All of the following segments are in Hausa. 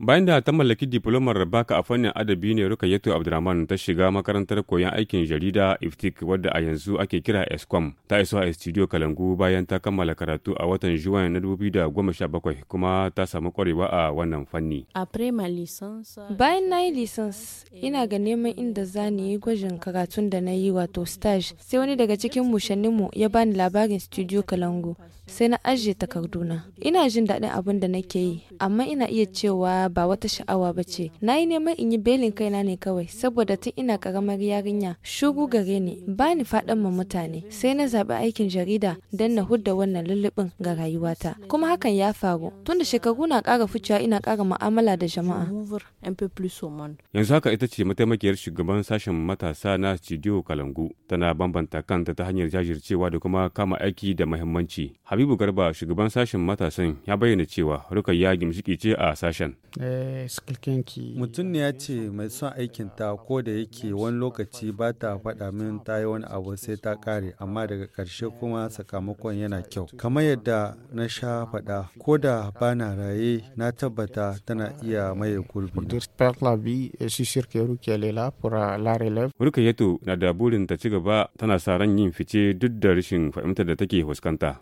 Bayan da ta mallaki diplomar rabaka a fannin adabi ne Rukayetu abdulrahman ta shiga makarantar koyon aikin jarida Iftik wadda a yanzu ake kira Escom. Ta iso a studio Kalangu bayan ta kammala karatu a watan Juwan na sha 2017 kuma ta samu kwarewa a wannan fanni. a Bayan na yi lisans, ina ga neman inda za ni yi gwajin karatun da na yi wato stage. Sai wani daga cikin mushanninmu ya bani labarin studio Kalangu. Sai na ajiye takarduna. Ina jin daɗin abin da nake yi, amma ina iya cewa ba wata sha'awa ba ce. Na yi neman in yi belin kaina ne kawai saboda tun ina karamar yarinya shugu gare ni ba ni faɗan ma mutane sai na zaɓi aikin jarida don na hudda wannan lullubin ga rayuwata. Kuma hakan ya faru tun da shekaru na ƙara fucewa ina ƙara mu'amala da jama'a. Yanzu haka ita ce mataimakiyar shugaban sashen matasa na Studio Kalangu tana bambanta kanta ta hanyar jajircewa da kuma kama aiki da mahimmanci. Habibu Garba shugaban sashen matasan ya bayyana cewa rukayya gimshiki ce a sashen. Eh, mutum ne ya ce mai son aikinta ko da yake wani lokaci ba ta faɗa min ta yi wani abu sai ta ƙare amma daga ƙarshe kuma sakamakon yana kyau kamar yadda na sha faɗa ko da ba na raye na tabbata tana iya maye gurbi Rukayeto na da burin ta ci gaba tana sa ran yin fice duk da rashin fahimtar da take fuskanta.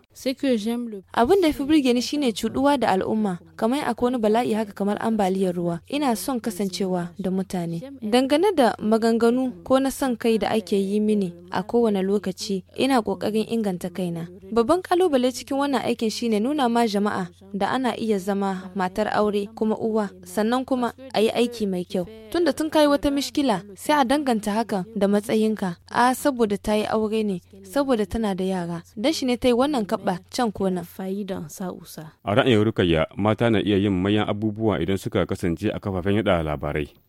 Abin da ya fi birge ni shine cuɗuwa da al'umma, kamar akwai wani bala'i haka kamar ambaliyar ruwa ina son kasancewa da mutane dangane da maganganu ko na son kai da ake yi mini a kowane lokaci ina kokarin inganta kaina babban kalubale cikin wannan aikin shine nuna ma jama'a da ana iya zama matar aure kuma uwa sannan kuma a yi aiki mai kyau tunda tun kayi wata mishkila sai a danganta haka da matsayinka a saboda ta yi aure ne saboda tana da yara dan shi ne ta yi wannan kaba can kona. a ra'ayin rukayya mata na iya yin mayan abubuwa idan suka kasance a kafafen yada labarai.